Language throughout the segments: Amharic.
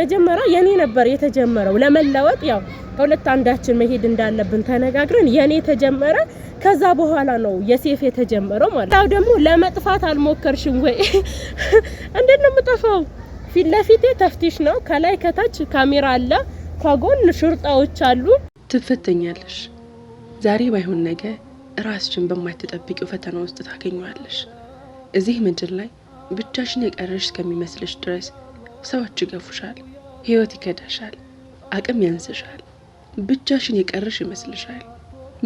መጀመሪያ የኔ ነበር የተጀመረው ለመለወጥ ያው ከሁለት አንዳችን መሄድ እንዳለብን ተነጋግረን የኔ ተጀመረ። ከዛ በኋላ ነው የሴፍ የተጀመረው ማለት ነው። ደግሞ ለመጥፋት አልሞከርሽም ወይ? እንዴት ነው የምጠፋው? ፊት ለፊቴ ተፍቲሽ ነው። ከላይ ከታች ካሜራ አለ፣ ከጎን ሹርጣዎች አሉ። ትፈተኛለሽ። ዛሬ ባይሆን ነገ ራስሽን በማትጠብቂው ፈተና ውስጥ ታገኘዋለሽ። እዚህ ምድር ላይ ብቻሽን የቀረሽ እስከሚመስልሽ ድረስ ሰዎች ይገፉሻል። ህይወት ይከዳሻል፣ አቅም ያንስሻል፣ ብቻሽን የቀርሽ ይመስልሻል፣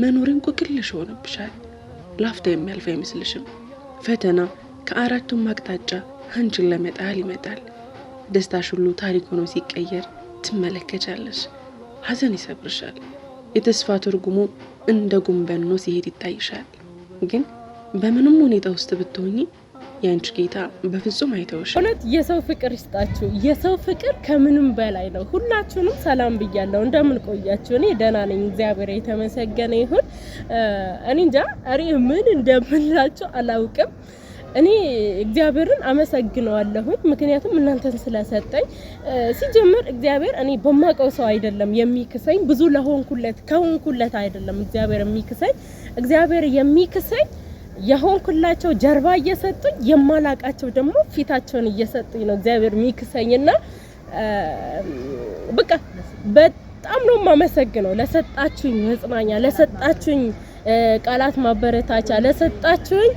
መኖርን ቁቅልሽ ሆነብሻል። ላፍታ የሚያልፍ አይመስልሽም። ፈተና ከአራቱም አቅጣጫ አንቺን ለመጣል ይመጣል። ደስታሽ ሁሉ ታሪክ ሆኖ ሲቀየር ትመለከቻለሽ። ሀዘን ይሰብርሻል። የተስፋ ትርጉሙ እንደ ጉንበኖ ሲሄድ ይታይሻል። ግን በምንም ሁኔታ ውስጥ ብትሆኚ የአንቺ ጌታ በፍጹም አይተውሽ። እውነት የሰው ፍቅር ይስጣችሁ። የሰው ፍቅር ከምንም በላይ ነው። ሁላችሁንም ሰላም ብያለሁ። እንደምን ቆያችሁ? እኔ ደህና ነኝ፣ እግዚአብሔር የተመሰገነ ይሁን። እኔ እንጃ እኔ ምን እንደምንላችሁ አላውቅም። እኔ እግዚአብሔርን አመሰግነዋለሁኝ ምክንያቱም እናንተን ስለሰጠኝ። ሲጀምር እግዚአብሔር እኔ በማውቀው ሰው አይደለም የሚክሰኝ፣ ብዙ ለሆንኩለት ከሆንኩለት አይደለም እግዚአብሔር የሚክሰኝ። እግዚአብሔር የሚክሰኝ የሆንኩላቸው ጀርባ እየሰጡኝ የማላቃቸው ደግሞ ፊታቸውን እየሰጡኝ ነው እግዚአብሔር ሚክሰኝና በቃ በጣም ነው የማመሰግነው ለሰጣችሁኝ መጽናኛ፣ ለሰጣችሁኝ ቃላት ማበረታቻ፣ ለሰጣችሁኝ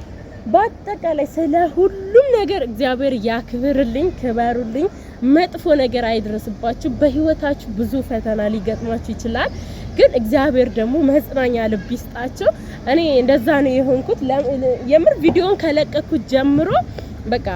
በአጠቃላይ ስለ ሁሉም ነገር እግዚአብሔር ያክብርልኝ። ክበሩልኝ፣ መጥፎ ነገር አይድረስባችሁ። በህይወታችሁ ብዙ ፈተና ሊገጥማችሁ ይችላል፣ ግን እግዚአብሔር ደግሞ መጽናኛ ልብ ይስጣችሁ። እኔ እንደዛ ነው የሆንኩት። የምር ቪዲዮን ከለቀኩት ጀምሮ በቃ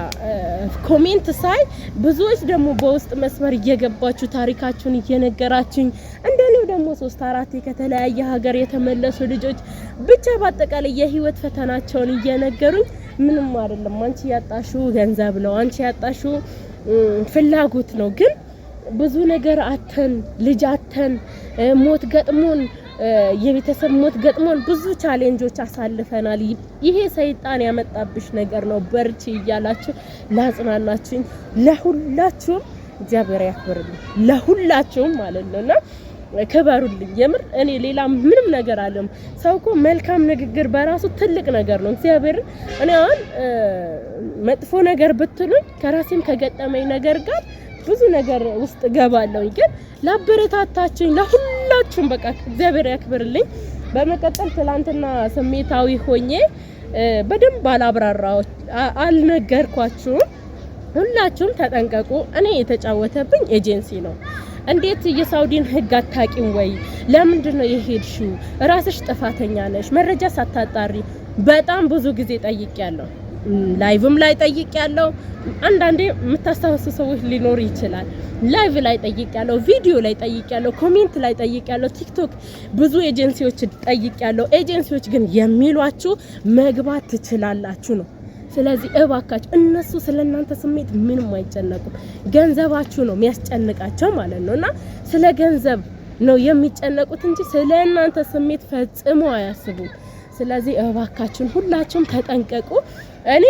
ኮሜንት ሳይ ብዙዎች ደግሞ በውስጥ መስመር እየገባችሁ ታሪካችሁን እየነገራችሁኝ እንደኔው ደግሞ ሶስት አራት ከተለያየ ሀገር የተመለሱ ልጆች ብቻ በአጠቃላይ የህይወት ፈተናቸውን እየነገሩኝ ምንም አይደለም፣ አንቺ ያጣሹ ገንዘብ ነው፣ አንቺ ያጣሹ ፍላጎት ነው። ግን ብዙ ነገር አተን ልጅ አተን ሞት ገጥሞን የቤተሰብ ሞት ገጥሞን ብዙ ቻሌንጆች አሳልፈናል። ይሄ ሰይጣን ያመጣብሽ ነገር ነው፣ በርቺ እያላችሁ ላጽናናችሁኝ ለሁላችሁም እግዚአብሔር ያክብርልኝ፣ ለሁላችሁም ማለት ነውና ክበሩልኝ። የምር እኔ ሌላ ምንም ነገር አለም። ሰው እኮ መልካም ንግግር በራሱ ትልቅ ነገር ነው። እግዚአብሔር እኔ አሁን መጥፎ ነገር ብትሉኝ ከራሴም ከገጠመኝ ነገር ጋር ብዙ ነገር ውስጥ ገባለሁ። ግን ላበረታታችሁኝ ለሁላችሁም በቃ እግዚአብሔር ያክብርልኝ። በመቀጠል ትላንትና ስሜታዊ ሆኜ በደንብ አላብራራው አልነገርኳችሁም። ሁላችሁም ተጠንቀቁ። እኔ የተጫወተብኝ ኤጀንሲ ነው። እንዴት የሳውዲን ህግ አታቂም ወይ? ለምንድን ነው የሄድሽው? ራስሽ ጥፋተኛ ነሽ፣ መረጃ ሳታጣሪ። በጣም ብዙ ጊዜ ጠይቄያለሁ። ላይቭም ላይ ጠይቅ ያለው አንዳንዴ የምታስታውሱ ሰዎች ሊኖር ይችላል። ላይቭ ላይ ጠይቅ ያለው፣ ቪዲዮ ላይ ጠይቅ ያለው፣ ኮሜንት ላይ ጠይቅ ያለው፣ ቲክቶክ ብዙ ኤጀንሲዎች ጠይቅ ያለው። ኤጀንሲዎች ግን የሚሏችሁ መግባት ትችላላችሁ ነው። ስለዚህ እባካችሁ እነሱ ስለ እናንተ ስሜት ምንም አይጨነቁም። ገንዘባችሁ ነው የሚያስጨንቃቸው ማለት ነው እና ስለ ገንዘብ ነው የሚጨነቁት እንጂ ስለ እናንተ ስሜት ፈጽሞ አያስቡም። ስለዚህ እባካችን ሁላችሁም ተጠንቀቁ። እኔ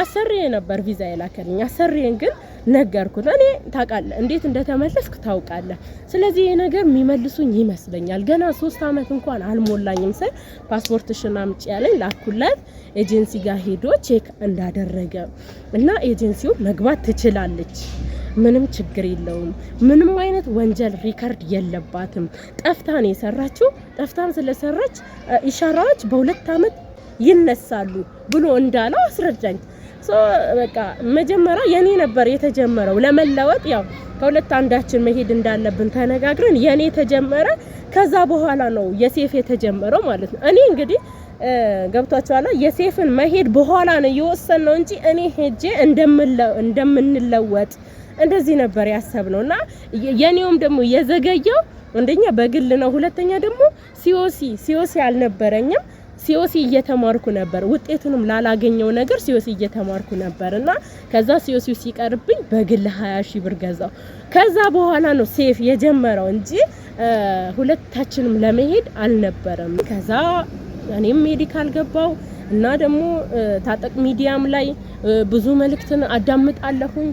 አሰሪዬ ነበር ቪዛ የላከልኝ አሰሪዬን ግን ነገርኩት። እኔ ታውቃለህ፣ እንዴት እንደተመለስክ ታውቃለህ። ስለዚህ ይሄ ነገር የሚመልሱኝ ይመስለኛል። ገና ሶስት አመት እንኳን አልሞላኝም ስል ፓስፖርትሽን አምጪ ያለኝ ላኩላት። ኤጀንሲ ጋር ሄዶ ቼክ እንዳደረገ እና ኤጀንሲው መግባት ትችላለች ምንም ችግር የለውም። ምንም አይነት ወንጀል ሪከርድ የለባትም። ጠፍታን የሰራችው ጠፍታን ስለሰራች ኢሻራዎች በሁለት አመት ይነሳሉ ብሎ እንዳለው አስረዳኝ። ሶ በቃ መጀመሪያ የኔ ነበር የተጀመረው ለመለወጥ ያው ከሁለት አንዳችን መሄድ እንዳለብን ተነጋግረን የኔ ተጀመረ። ከዛ በኋላ ነው የሴፍ የተጀመረው ማለት ነው። እኔ እንግዲህ ገብቷችኋል። የሴፍን መሄድ በኋላ ነው የወሰን ነው እንጂ እኔ ሄጄ እንደምንለወጥ እንደዚህ ነበር ያሰብነው እና የኔውም ደግሞ የዘገየው አንደኛ በግል ነው፣ ሁለተኛ ደግሞ ሲኦሲ ሲኦሲ አልነበረኝም። ሲዮሲ እየተማርኩ ነበር፣ ውጤቱንም ላላገኘው ነገር ሲዮሲ እየተማርኩ ነበር እና ከዛ ሲዮሲ ሲቀርብኝ በግል 20 ሺህ ብር ገዛው። ከዛ በኋላ ነው ሴፍ የጀመረው እንጂ ሁለታችንም ለመሄድ አልነበረም። ከዛ እኔም ሜዲካል ገባው እና ደግሞ ታጠቅ ሚዲያም ላይ ብዙ መልእክትን አዳምጣለሁኝ።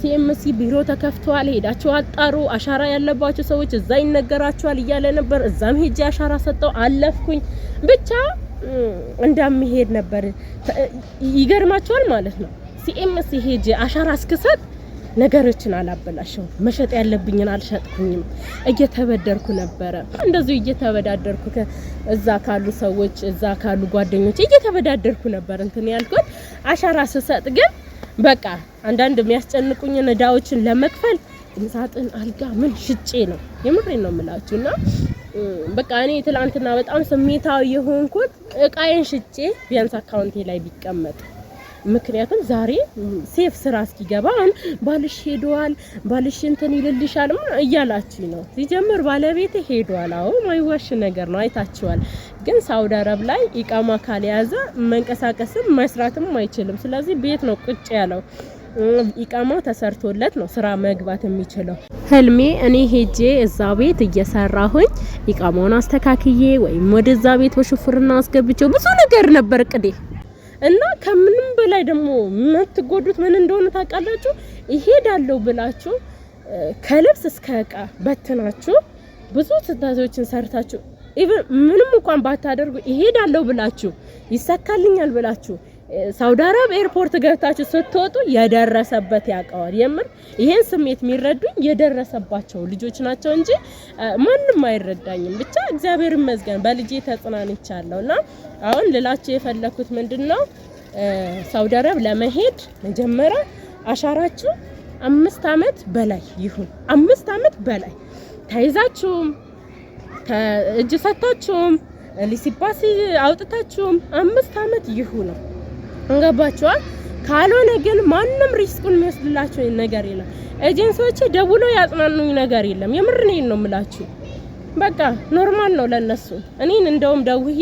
ሲኤምሲ ቢሮ ተከፍተዋል፣ ሄዳቸው አጣሩ፣ አሻራ ያለባቸው ሰዎች እዛ ይነገራቸዋል እያለ ነበር። እዛም ሄጄ አሻራ ሰጠው አለፍኩኝ። ብቻ እንዳምሄድ ነበር። ይገርማቸዋል ማለት ነው ሲኤምሲ ሄጄ አሻራ እስክሰጥ ነገሮችን አላበላሸው፣ መሸጥ ያለብኝን አልሸጥኩኝም፣ እየተበደርኩ ነበረ። እንደዚሁ እየተበዳደርኩ እዛ ካሉ ሰዎች እዛ ካሉ ጓደኞች እየተበዳደርኩ ነበር እንትን ያልኩት አሻራ ስሰጥ ግን በቃ አንዳንድ የሚያስጨንቁኝን እዳዎችን ለመክፈል ቁምሳጥን፣ አልጋ ምን ሽጬ ነው። የምሬን ነው የምላችሁ። እና በቃ እኔ ትላንትና በጣም ስሜታዊ የሆንኩት እቃዬን ሽጬ ቢያንስ አካውንቴ ላይ ቢቀመጥ ምክንያቱም ዛሬ ሴፍ ስራ እስኪገባ አሁን ባልሽ ሄደዋል፣ ባልሽ እንትን ይልልሻል እያላችሁ ነው። ሲጀምር ባለቤት ሄደዋል። አዎ ማይዋሽ ነገር ነው፣ አይታችኋል። ግን ሳውዲ አረብ ላይ ኢቃማ ካልያዘ መንቀሳቀስም መስራትም አይችልም። ስለዚህ ቤት ነው ቁጭ ያለው። ኢቃማ ተሰርቶለት ነው ስራ መግባት የሚችለው። ህልሜ እኔ ሄጄ እዛ ቤት እየሰራሁኝ ኢቃማውን አስተካክዬ ወይም ወደዛ ቤት በሹፍርና አስገብቼው ብዙ ነገር ነበር ቅዴ እና ከምንም በላይ ደግሞ የምትጎዱት ምን እንደሆነ ታውቃላችሁ? ይሄዳለሁ ብላችሁ ከልብስ እስከ እቃ በትናችሁ ብዙ ስህተቶችን ሰርታችሁ ኢቭን ምንም እንኳን ባታደርጉ ይሄዳለሁ ብላችሁ ይሳካልኛል ብላችሁ ሳውዲ አረብ ኤርፖርት ገብታችሁ ስትወጡ የደረሰበት ያውቀዋል። የምር ይሄን ስሜት የሚረዱኝ የደረሰባቸው ልጆች ናቸው እንጂ ማንም አይረዳኝም። ብቻ እግዚአብሔር ይመስገን በልጄ ተጽናንቻለሁ እና አሁን ልላችሁ የፈለኩት ምንድነው ሳውዲ አረብ ለመሄድ መጀመሪያ አሻራችሁ አምስት አመት በላይ ይሁን። አምስት አመት በላይ ተይዛችሁም እጅ ሰታችሁም ሊሲባሲ አውጥታችሁም አምስት አመት ይሁን እንገባችኋል። ካልሆነ ግን ማንም ሪስኩን የሚወስድላችሁ ነገር የለም። ኤጀንሲዎች ደውለው ያጽናኑኝ ነገር የለም። የምር ነው የምላችሁ። በቃ ኖርማል ነው ለነሱ። እኔን እንደውም ደውዬ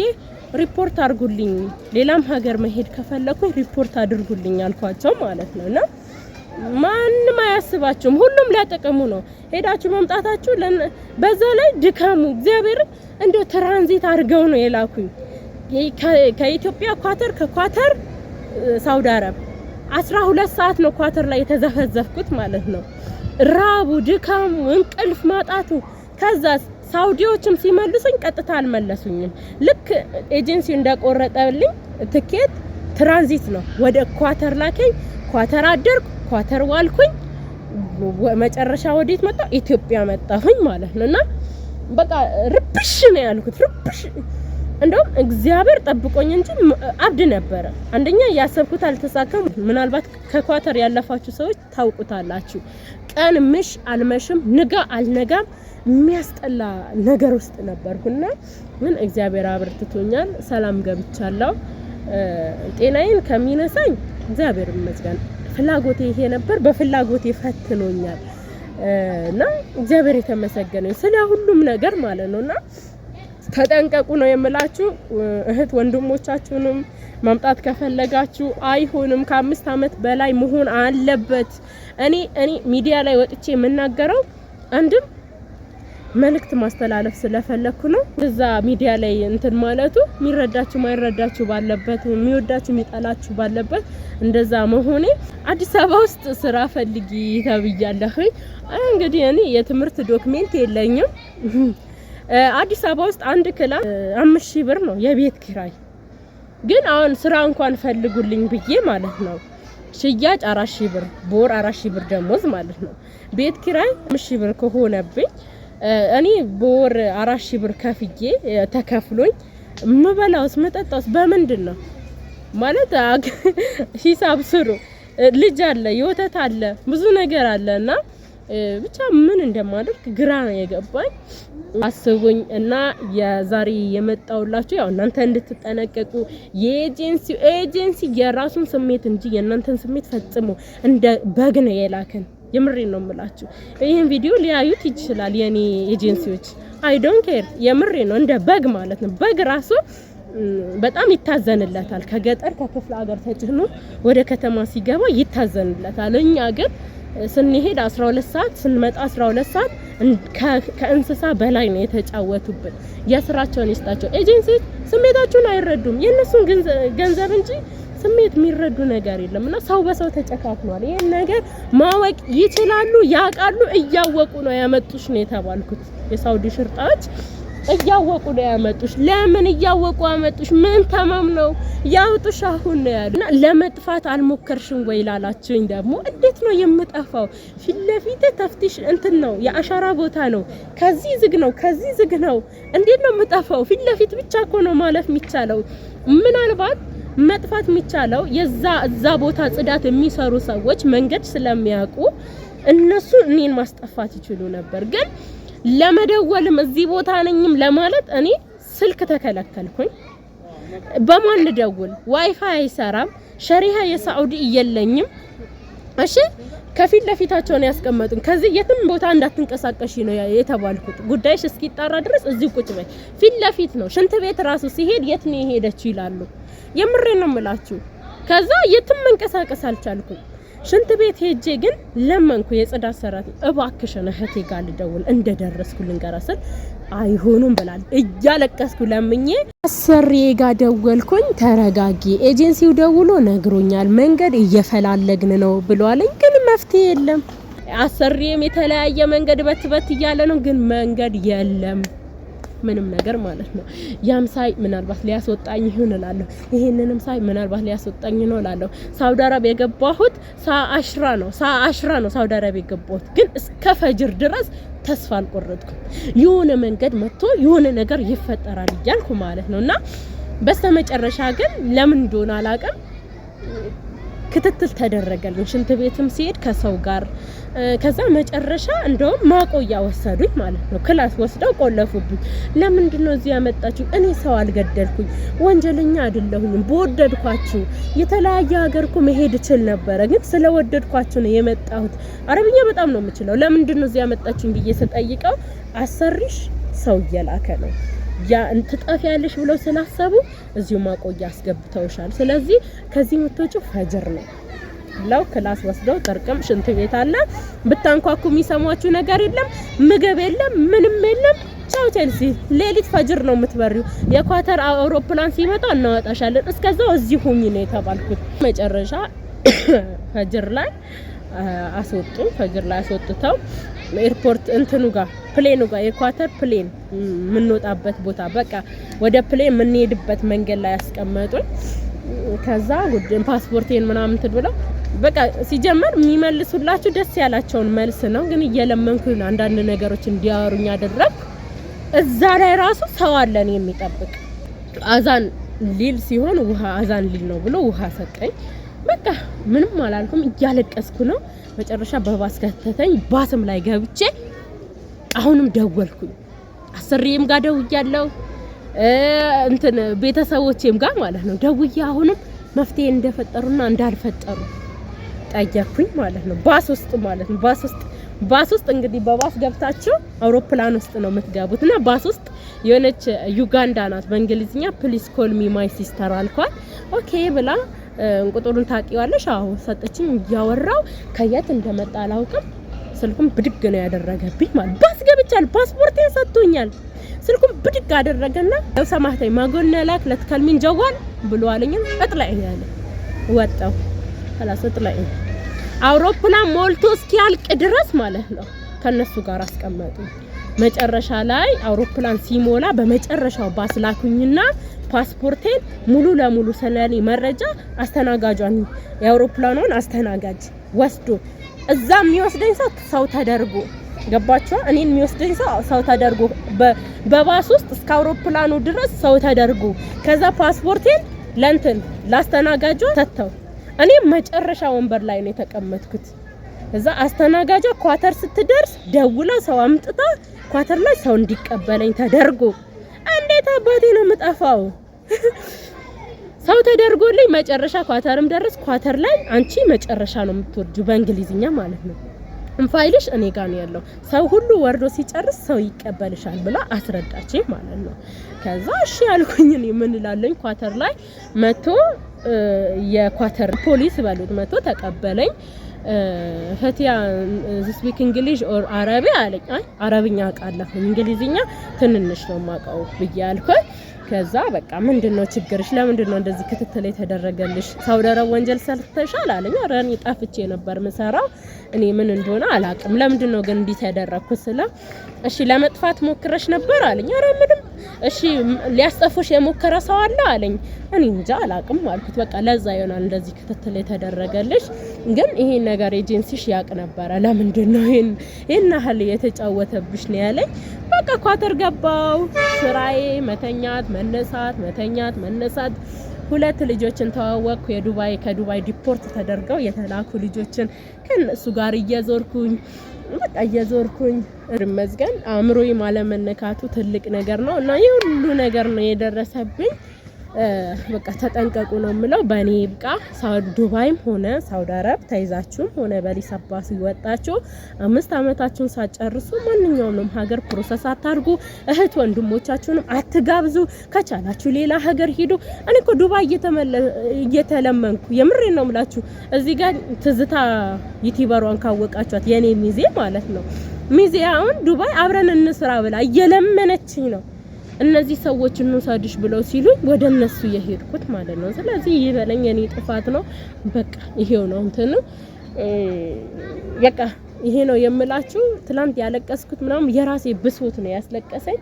ሪፖርት አድርጉልኝ፣ ሌላም ሀገር መሄድ ከፈለኩ ሪፖርት አድርጉልኝ አልኳቸው ማለት ነው። እና ማንም አያስባችሁም፣ ሁሉም ለጥቅሙ ነው። ሄዳችሁ መምጣታችሁ በዛ ላይ ድካሙ እግዚአብሔር እንደ ትራንዚት አድርገው ነው የላኩኝ ከኢትዮጵያ ኳተር፣ ከኳተር ሳውዲ አረብ አስራ ሁለት ሰዓት ነው ኳተር ላይ የተዘፈዘፍኩት ማለት ነው። ራቡ፣ ድካሙ፣ እንቅልፍ ማጣቱ ከዛስ ሳውዲዎችም ሲመልሱኝ ቀጥታ አልመለሱኝም። ልክ ኤጀንሲ እንደቆረጠልኝ ትኬት ትራንዚት ነው ወደ ኳተር ላከኝ። ኳተር አደርኩ፣ ኳተር ዋልኩኝ። መጨረሻ ወዴት መጣሁ? ኢትዮጵያ መጣሁኝ ማለት ነው። እና በቃ ርብሽ ነው ያልኩት ርብሽ እንደውም እግዚአብሔር ጠብቆኝ እንጂ አብድ ነበረ። አንደኛ ያሰብኩት አልተሳካም። ምናልባት ከኳተር ያለፋችሁ ሰዎች ታውቁታላችሁ። ቀን ምሽ አልመሽም፣ ንጋ አልነጋም የሚያስጠላ ነገር ውስጥ ነበርኩና ግን እግዚአብሔር አብርትቶኛል። ሰላም ገብቻለሁ። ጤናዬን ከሚነሳኝ እግዚአብሔር ይመስገን። ፍላጎቴ ይሄ ነበር። በፍላጎቴ ፈትኖኛል እና እግዚአብሔር የተመሰገነ ስለ ሁሉም ነገር ማለት ነውና ተጠንቀቁ ነው የምላችሁ። እህት ወንድሞቻችሁንም ማምጣት ከፈለጋችሁ አይሆንም፣ ከአምስት ዓመት በላይ መሆን አለበት። እኔ እኔ ሚዲያ ላይ ወጥቼ የምናገረው አንድም መልእክት ማስተላለፍ ስለፈለኩ ነው። እዛ ሚዲያ ላይ እንትን ማለቱ የሚረዳችሁ ማይረዳችሁ ባለበት፣ የሚወዳችሁ የሚጠላችሁ ባለበት እንደዛ መሆኔ አዲስ አበባ ውስጥ ስራ ፈልጊ ተብያለሁኝ። እንግዲህ እኔ የትምህርት ዶክሜንት የለኝም። አዲስ አበባ ውስጥ አንድ ክላስ አምስት ሺህ ብር ነው የቤት ኪራይ። ግን አሁን ስራ እንኳን ፈልጉልኝ ብዬ ማለት ነው ሽያጭ አራት ሺህ ብር በወር አራት ሺህ ብር ደሞዝ ማለት ነው ቤት ኪራይ አምስት ሺህ ብር ከሆነብኝ እኔ በወር አራት ሺህ ብር ከፍዬ ተከፍሎኝ ምበላውስ ምጠጣውስ በምንድን ነው ማለት ሂሳብ ስሩ። ልጅ አለ፣ የወተት አለ፣ ብዙ ነገር አለ እና ብቻ ምን እንደማደርግ ግራ ነው የገባኝ። አስቡኝ እና የዛሬ የመጣውላችሁ ያው እናንተ እንድትጠነቀቁ የኤጀንሲ ኤጀንሲ የራሱን ስሜት እንጂ የእናንተን ስሜት ፈጽሞ እንደ በግ ነው የላክን። የምሬን ነው የምላችሁ። ይህን ቪዲዮ ሊያዩት ይችላል የኔ ኤጀንሲዎች። አይ ዶንት ኬር የምሬ ነው። እንደ በግ ማለት ነው። በግ ራሱ በጣም ይታዘንለታል። ከገጠር ከክፍለ ሀገር ተጭኖ ወደ ከተማ ሲገባ ይታዘንለታል። እኛ ግን ስንሄድ 12 ሰዓት ስንመጣ 12 ሰዓት ከእንስሳ በላይ ነው የተጫወቱብን። የስራቸውን ይስጣቸው። ኤጀንሲ ስሜታችሁን አይረዱም። የእነሱን ገንዘብ እንጂ ስሜት የሚረዱ ነገር የለም እና ሰው በሰው ተጨካክሏል። ይህን ነገር ማወቅ ይችላሉ፣ ያውቃሉ። እያወቁ ነው ያመጡሽ ነው የተባልኩት። የሳውዲ ሽርጣዎች እያወቁ ነው ያመጡሽ። ለምን እያወቁ ያመጡሽ? ምን ተማም ነው ያውጡሽ አሁን ነው ያሉ እና ለመጥፋት አልሞከርሽም ወይ ላላችሁኝ ደግሞ እንዴት ነው የምጠፋው? ፊት ለፊት ተፍቲሽ እንትን ነው የአሻራ ቦታ ነው። ከዚህ ዝግ ነው፣ ከዚህ ዝግ ነው። እንዴት ነው የምጠፋው? ፊት ለፊት ብቻ እኮ ነው ማለፍ የሚቻለው ምናልባት መጥፋት የሚቻለው የዛ እዛ ቦታ ጽዳት የሚሰሩ ሰዎች መንገድ ስለሚያውቁ እነሱ እኔን ማስጠፋት ይችሉ ነበር። ግን ለመደወልም እዚህ ቦታ ነኝም ለማለት እኔ ስልክ ተከለከልኩኝ። በማን ልደውል? ዋይፋይ አይሰራም፣ ሸሪሃ የሳዑዲ እየለኝም። እሺ ከፊት ለፊታቸው ነው ያስቀመጡን። ከዚህ የትም ቦታ እንዳትንቀሳቀሽ ነው የተባልኩት። ጉዳይሽ እስኪጣራ ድረስ እዚህ ቁጭ በይ። ፊት ለፊት ነው። ሽንት ቤት ራሱ ሲሄድ የት ነው የሄደችው ይላሉ። የምሬ ነው የምላችሁ። ከዛ የትም መንቀሳቀስ አልቻልኩም። ሽንት ቤት ሄጄ ግን ለመንኩ የጽዳት ሰራተኛ እባክሽን እህቴ ጋር ልደውል እንደደረስኩ ልንገራሰል አይሆኑም ብላል እያለቀስኩ ለምኜ አሰሪዬ ጋር ደወልኩኝ። ተረጋጊ ኤጀንሲው ደውሎ ነግሮኛል፣ መንገድ እየፈላለግን ነው ብሏለኝ፣ ግን መፍትሄ የለም። አሰሪዬም የተለያየ መንገድ በትበት በት እያለ ነው፣ ግን መንገድ የለም ምንም ነገር ማለት ነው። ያም ሳይ ምናልባት ሊያስወጣኝ ይሁን እላለሁ። ይሄንንም ሳይ ምናልባት ሊያስወጣኝ ነው እላለሁ። ሳውዲ አረቢያ የገባሁት ሳ አሽራ ነው ሳ አሽራ ነው ሳውዲ አረቢያ የገባሁት ግን እስከ ፈጅር ድረስ ተስፋ አልቆረጥኩም። የሆነ መንገድ መጥቶ የሆነ ነገር ይፈጠራል እያልኩ ማለት ነው እና በስተመጨረሻ ግን ለምን እንደሆነ አላውቅም ክትትል ተደረገልኝ። ሽንት ቤትም ሲሄድ ከሰው ጋር ከዛ መጨረሻ እንደውም ማቆያ ወሰዱኝ ማለት ነው። ክላስ ወስደው ቆለፉብኝ። ለምንድን ነው እዚህ ያመጣችሁ? እኔ ሰው አልገደልኩኝ፣ ወንጀለኛ አይደለሁኝም። በወደድኳችሁ የተለያየ ሀገር እኮ መሄድ እችል ነበረ፣ ግን ስለወደድኳችሁ ነው የመጣሁት። አረብኛ በጣም ነው የምችለው። ለምንድን ነው እዚህ ያመጣችሁኝ ብዬ ስጠይቀው አሰሪሽ ሰው እየላከ ነው ያ እንትጠፊ ያለሽ ብለው ስላሰቡ እዚሁ ማቆያ አስገብተውሻል። ስለዚህ ከዚህ የምትወጪው ፈጅር ነው ብለው ክላስ ወስደው ጥርቅም ሽንት ቤት አለ። ብታንኳኩ የሚሰማችሁ ነገር የለም፣ ምግብ የለም፣ ምንም የለም። ቻው ቼልሲ፣ ሌሊት ፈጅር ነው የምትበሪው። የኳተር አውሮፕላን ሲመጣ እናወጣሻለን፣ እስከዛው እዚህ ሁኝ ነው የተባልኩት። መጨረሻ ፈጅር ላይ አስወጡ። ፈጅር ላይ አስወጥተው ኤርፖርት እንትኑ ጋር ፕሌኑ ጋር ኤኳተር ፕሌን የምንወጣበት ቦታ በቃ ወደ ፕሌን የምንሄድበት መንገድ ላይ ያስቀመጡኝ። ከዛ ፓስፖርቴን ምናምን እንትን ብለው በቃ ሲጀመር የሚመልሱላችሁ ደስ ያላቸውን መልስ ነው። ግን እየለመንኩ አንዳንድ ነገሮች እንዲያወሩኝ አደረግ። እዛ ላይ ራሱ ሰው አለን የሚጠብቅ አዛን ሊል ሲሆን ውሃ አዛን ሊል ነው ብሎ ውሃ ሰጠኝ። በቃ ምንም አላልኩም፣ እያለቀስኩ ነው መጨረሻ በባስ ከተተኝ። ባስም ላይ ገብቼ አሁንም ደወልኩኝ። አሰሪዬም ጋር ደውያለሁ፣ እንትን ቤተሰቦቼም ጋር ማለት ነው ደውዬ አሁንም መፍትሄ እንደፈጠሩና እንዳልፈጠሩ ጠየኩኝ ማለት ነው። ባስ ውስጥ ማለት ነው ባስ ውስጥ ባስ ውስጥ እንግዲህ በባስ ገብታችሁ አውሮፕላን ውስጥ ነው የምትገቡት እና ባስ ውስጥ የሆነች ዩጋንዳ ናት። በእንግሊዝኛ ፕሊስ ኮል ሚ ማይ ሲስተር አልኳት። ኦኬ ብላ ቁጥሩን ታውቂዋለሽ? አዎ ሰጠችኝ። እያወራው ከየት እንደመጣ አላውቅም። ስልኩን ብድግ ነው ያደረገብኝ። ማለት ባስ ገብቻል፣ ፓስፖርቴን ሰጥቶኛል። ስልኩን ብድግ አደረገና ያው ሰማህተኝ ማጎነ ላክ ለትከልሚን ጀጓል ብሎ አለኝን እጥላይ ያለ ወጣው ከላስ እጥላይ አውሮፕላን ሞልቶ እስኪያልቅ ድረስ ማለት ነው ከነሱ ጋር አስቀመጡ። መጨረሻ ላይ አውሮፕላን ሲሞላ በመጨረሻው ባስ ላኩኝና ፓስፖርቴን ሙሉ ለሙሉ ስለኔ መረጃ አስተናጋጇን የአውሮፕላኗን አስተናጋጅ ወስዶ እዛ የሚወስደኝ ሰው ሰው ተደርጎ ገባችኋ? እኔን የሚወስደኝ ሰው ሰው ተደርጎ በባስ ውስጥ እስከ አውሮፕላኑ ድረስ ሰው ተደርጎ ከዛ ፓስፖርቴን ለንትን ላስተናጋጇ ሰጥተው እኔም መጨረሻ ወንበር ላይ ነው የተቀመጥኩት። እዛ አስተናጋጇ ኳተር ስትደርስ ደውላ ሰው አምጥታ ኳተር ላይ ሰው እንዲቀበለኝ ተደርጎ እንዴት አባቴ ነው የምጠፋው? ሰው ተደርጎልኝ መጨረሻ ኳተርም ደረስ። ኳተር ላይ አንቺ መጨረሻ ነው የምትወርጁ በእንግሊዝኛ ማለት ነው። እንፋይልሽ እኔ ጋር ነው ያለው፣ ሰው ሁሉ ወርዶ ሲጨርስ ሰው ይቀበልሻል ብላ አስረዳች ማለት ነው። ከዛ እሺ ያልኩኝ እኔ ምን እላለኝ፣ ኳተር ላይ መጥቶ የኳተር ፖሊስ በሉት መጥቶ ተቀበለኝ። ፈቲያ ስፒክ እንግሊሽ ኦር አረቢ አለኝ። አይ አረብኛ አውቃለሁ እንግሊዝኛ ትንንሽ ነው የማውቀው ብዬ አልኩኝ። ከዛ በቃ ምንድነው ችግርሽ? ለምንድነው እንደዚህ ክትትል የተደረገልሽ? ሳውዲ አረብ ወንጀል ሰርተሻል አለኝ። ኧረ እኔ ጠፍቼ ነበር ምሰራው እኔ ምን እንደሆነ አላውቅም። ለምንድነው ግን እንዲህ ተደረግኩ ስለ እሺ ለመጥፋት ሞክረሽ ነበር አለኝ። ኧረ ምንም እሺ ሊያስጠፉሽ የሞከረ ሰው አለ አለኝ። እኔ እንጃ አላቅም አልኩት። በቃ ለዛ ይሆናል እንደዚህ ክትትል የተደረገልሽ። ግን ይሄን ነገር ኤጀንሲሽ ያቅ ነበረ። ለምንድን ነው ይሄን ያህል የተጫወተብሽ ነው ያለኝ። በቃ ኳተር ገባው ስራዬ መተኛት፣ መነሳት፣ መተኛት፣ መነሳት ሁለት ልጆችን ተዋወቅኩ። የዱባይ ከዱባይ ዲፖርት ተደርገው የተላኩ ልጆችን ከነሱ ጋር እየዞርኩኝ በቃ እየዞርኩኝ መዝገን አእምሮዬ ማለመነካቱ ትልቅ ነገር ነው እና ይህ ሁሉ ነገር ነው የደረሰብኝ። በቃ ተጠንቀቁ ነው የምለው። በእኔ ይብቃ። ዱባይም ሆነ ሳውዲ አረብ ተይዛችሁም ሆነ በሊስ አባሲ ወጣችሁ አምስት አመታችሁን ሳጨርሱ ማንኛውም ሀገር ፕሮሰስ አታርጉ። እህት ወንድሞቻችሁንም አትጋብዙ። ከቻላችሁ ሌላ ሀገር ሂዱ። እኔ እኮ ዱባይ እየተለመንኩ የምሬ ነው ምላችሁ። እዚህ ጋር ትዝታ ዩቲበሯን ካወቃችኋት የኔ ሚዜ ማለት ነው። ሚዜ አሁን ዱባይ አብረን እንስራ ብላ እየለመነችኝ ነው እነዚህ ሰዎች እንውሰድሽ ብለው ሲሉኝ ወደ እነሱ የሄድኩት ማለት ነው። ስለዚህ ይበለኝ የኔ ጥፋት ነው። በቃ ይሄው ነው እንትኑ በቃ ይሄ ነው የምላችሁ። ትላንት ያለቀስኩት ምናምን የራሴ ብሶት ነው ያስለቀሰኝ።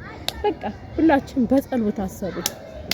በቃ ሁላችን በጸሎት አሰቡት።